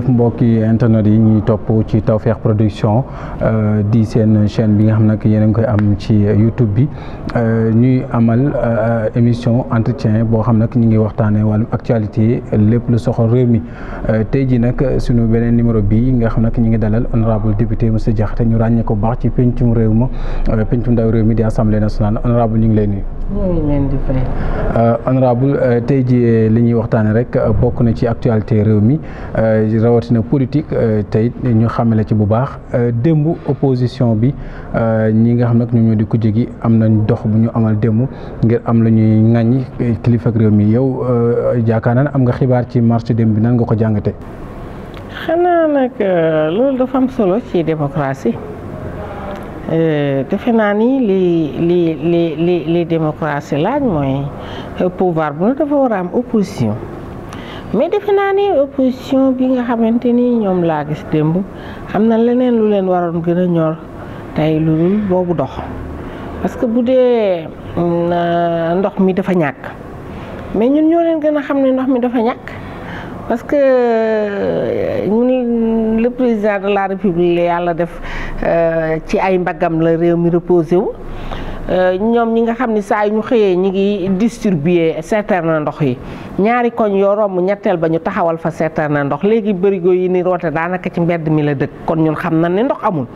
jërëjëf mbokki internet yi ñuy topp ci Tawfekh Production euh, di seen chaîne bi nga xam nag yéen a koy am ci YouTube bi euh, ñuy amal euh, émission entretien boo xam nag ñu ngi waxtaanee wàllum actualité lépp lu soxal réew mi tey ji nag suñu beneen numéro bi nga xam nag ñu ngi dalal honorable député monsieur Diakhaté ñu ràññee ko baax ci pencum réew ma pencum ndaw réew mi di assemblée nationale honorable ñu ngi lay nuyu. ñu ngi li ñuy waxtaanee rek bokk na ci actualité réew mi. rawatina politique euh, tey ñu xamale ci bu baax euh, démb opposition bi euh, ñi nga xam nag ñoom ñoo di kujje gi am nañ dox bu ñu amal démb ngir am la ñuy ŋàññi kilifa ak réew mi yow jaakaar naa am nga xibaar ci marche démb bi nan nga ko jàngate xanaa nag loolu dafa am solo ci démocratie defe naa ni li li li li li mooy pouvoir bu ne dafa war opposition mais defe naa ne opposition bii nga xamante ni ñoom laa gis démb xam na leneen lu leen waroon gën a ñor tey lu dul boobu dox parce que bu dee mm, euh, ndox mi dafa ñàkk mais ñun ñoo leen gën a xam ne ndox mi dafa ñàkk parce que euh, ñun le président de la république yàlla def euh, ci ay mbaggam la réew mi reposé wu. ñoom ñi nga xam ni saa yi ñu xëyee ñi ngi distribuer citerne ndox yi ñaari koñ yoo romb ñetteel ba ñu taxawal fa citerne ndox léegi bërigo yi ni roote daanaka ci mbedd mi la dëkk kon ñun xam na ne ndox amul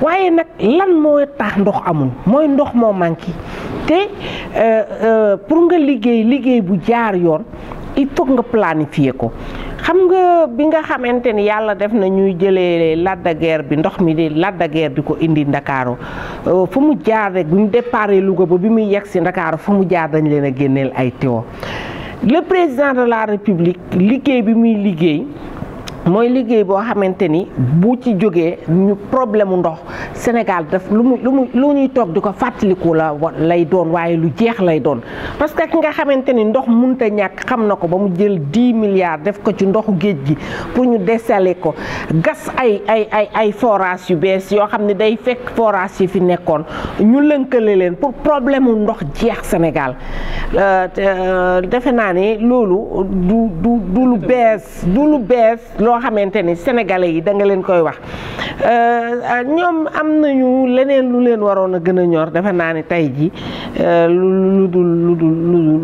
waaye nag lan moo tax ndox amul mooy ndox moo manqué te euh, euh, pour nga liggéey liggéey bu jaar yoon il faut nga planifier ko xam nga bi nga xamante ni yàlla def na ñuy jëlee Lac de bi ndox mi di Lac de di ko indi Ndakaaru euh, fu mu jaar rek bi mu déparé ba bi muy yegg si Ndakaaru fu mu jaar dañ leen a génneel ay tiwo le président de la République liggéey bi muy liggéey mooy liggéey boo xamante ni bu ci jógee ñu problème mu ndox Sénégal daf lu mu lu mu lu ñuy toog di ko fàttaliku la lay doon waaye lu jeex lay doon parce que ki nga xamante ni ndox mënut ñàkk xam na ko ba mu jël 10 milliards def ko ci ndoxu géej gi pour ñu dessaler ko gas ay ay ay ay forage yu bees yoo xam ne day fekk forage yi fi nekkoon ñu lënkale leen pour problème mu ndox jeex Sénégal euh, euh, defe naa ne loolu du lu bees du lu bees loo loo xamante ni sénégalais yi da nga leen koy wax euh, ñoom am nañu leneen lu leen waroon a gën a ñor defe naa ni tey ji euh, lu dul lu dul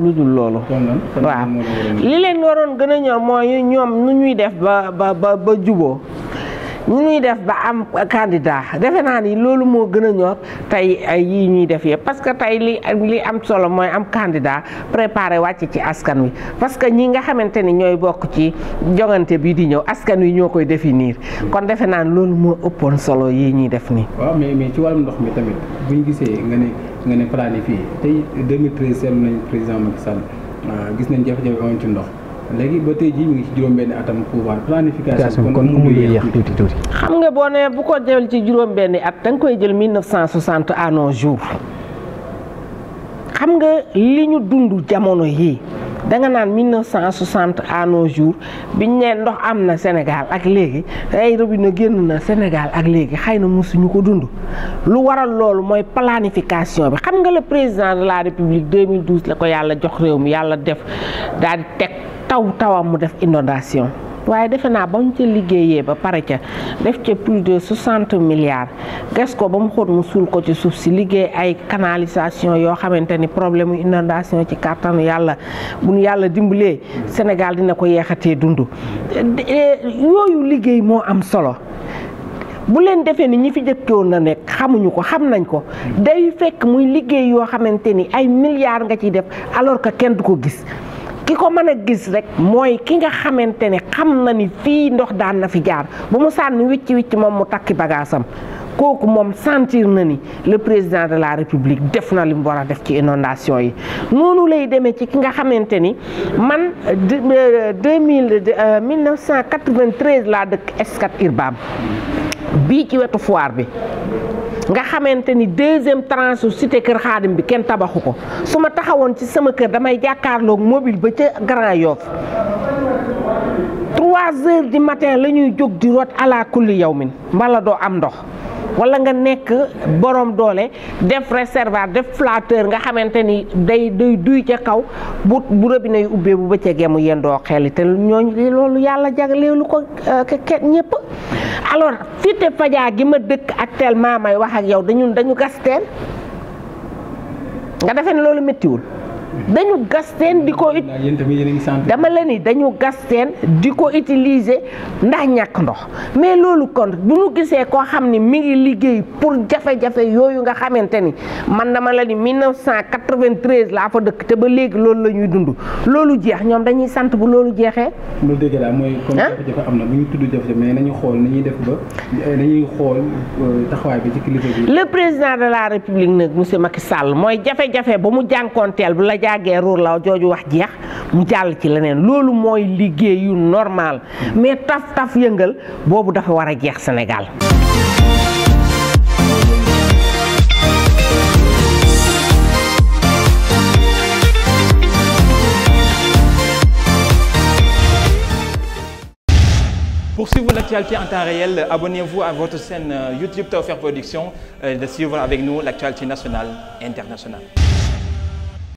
lu dul loolu waaw li leen waroon gën a ñor mooy ñoom nu ñuy def ba ba ba juboo ñu ñuy def ba am candidat defe naa ni loolu moo gën a ñor tey yi ñuy def yëpp parce que tey li lii am solo mooy am candidat préparé wàcc ci askan wi parce que ñi nga xamante ni ñooy bokk ci jongante bi di ñëw askan wi ñoo koy définir kon defe naa loolu moo ëppoon solo yii ñuy def nii. waaw mais mais ci wàllum ndox mi tamit bu ñu gisee nga ne nga ne planifié tey 2013 nañu président Macky Sall ah, gis nañ jafe-jafe amoon ci ndox. léegi ba tey jii mu ngi ci juróom-benn xam nga boo nee bu ko jël ci juróom-benn at da nga koy jël 1960 à nos jours xam nga li ñu dund jamono yii da nga naan 1960 à nos jours biñ ne ndox am na Sénégal ak léegi ay robinet génn na Sénégal ak léegi xëy na mosuñu ko dund lu waral loolu mooy planification bi xam nga la président la République 2012 la ko yàlla jox réew mi yàlla def daal teg. taw tawam mu def inondation waaye defe naa ba mu ca liggéeyee ba pare ca def ca plus de soixante milliards ges ko ba mu xóot mu suul ko ci suuf si liggéey ay canalisation yoo xamante ni problème inondation ci kàttanu yàlla bu nu yàlla dimbalee Sénégal dina ko yeexatee dund eh, yooyu liggéey moo am solo bu leen defee ni ñi fi jëkkoon na nekk xamuñu ko xam nañ ko day fekk muy liggéey yoo xamante ni ay milliards nga ciy def alors que kenn du ko gis ki ko mën a gis rek mooy ki nga xamante ne xam na ni fii ndox daan na fi jaar bu mu sànni wicc wicc moom mu takki bagaasam kooku moom sentir na ni le président de la république def na li mu war a def ci inondation yi noonu lay demee ci ki nga xamante ni man euh, deux mille euh, mille neuf cent quatre-vingt-treize laa dëkk Scat Urbam bii ci wetu foire bi nga xamante ni deuxième tranche su cité kër xaadim bi kenn tabaxu ko su ma taxawoon ci sama kër damay jàkkaarloog mobile ba ca Grand yoof trois heures di matin la ñuy jóg di root ala kulli yow min mbala doo am ndox wala nga nekk borom doole def réservoir def flatteur nga xamante ni day day duy ca kaw bu bu robinet yu ubbee bu bëccëgee mu yendoo xel te ñooñu loolu yàlla jagleelu ko euh, kenn ñëpp alors cité Fadia gi ma dëkk actuellement may wax ak yow dañu dañu gas teen nga defee ne loolu méttiwul. dañu gas teen di ko it dama la ni dañu gas teen di ko utiliser ndax ñàkk ndox mais loolu kon bu mu gisee koo xam ni mi ngi liggéey pour jafe-jafe yooyu nga xamante ni man dama la ni 1993 laa fa dëkk te ba léegi loolu la ñuy dund loolu jeex ñoom dañuy sant bu loolu jeexee. mu dëgg la mooy. comme jafe-jafe am na bu ñu tudd jafe-jafe mais nañu xool nañuy def ba nañuy xool euh, taxawaay bi ci kilifa bi. le président de la république nag monsieur Macky Sall mooy jafe-jafe ba mu jànkoonteel bu la jàggee ruur law jooju wax jeex mu jàll ci leneen loolu mooy liggéeyu normal mais taf taf yëngal boobu dafa war a jeex Sénégal Pour suivre l'actualité en temps réel, abonnez-vous à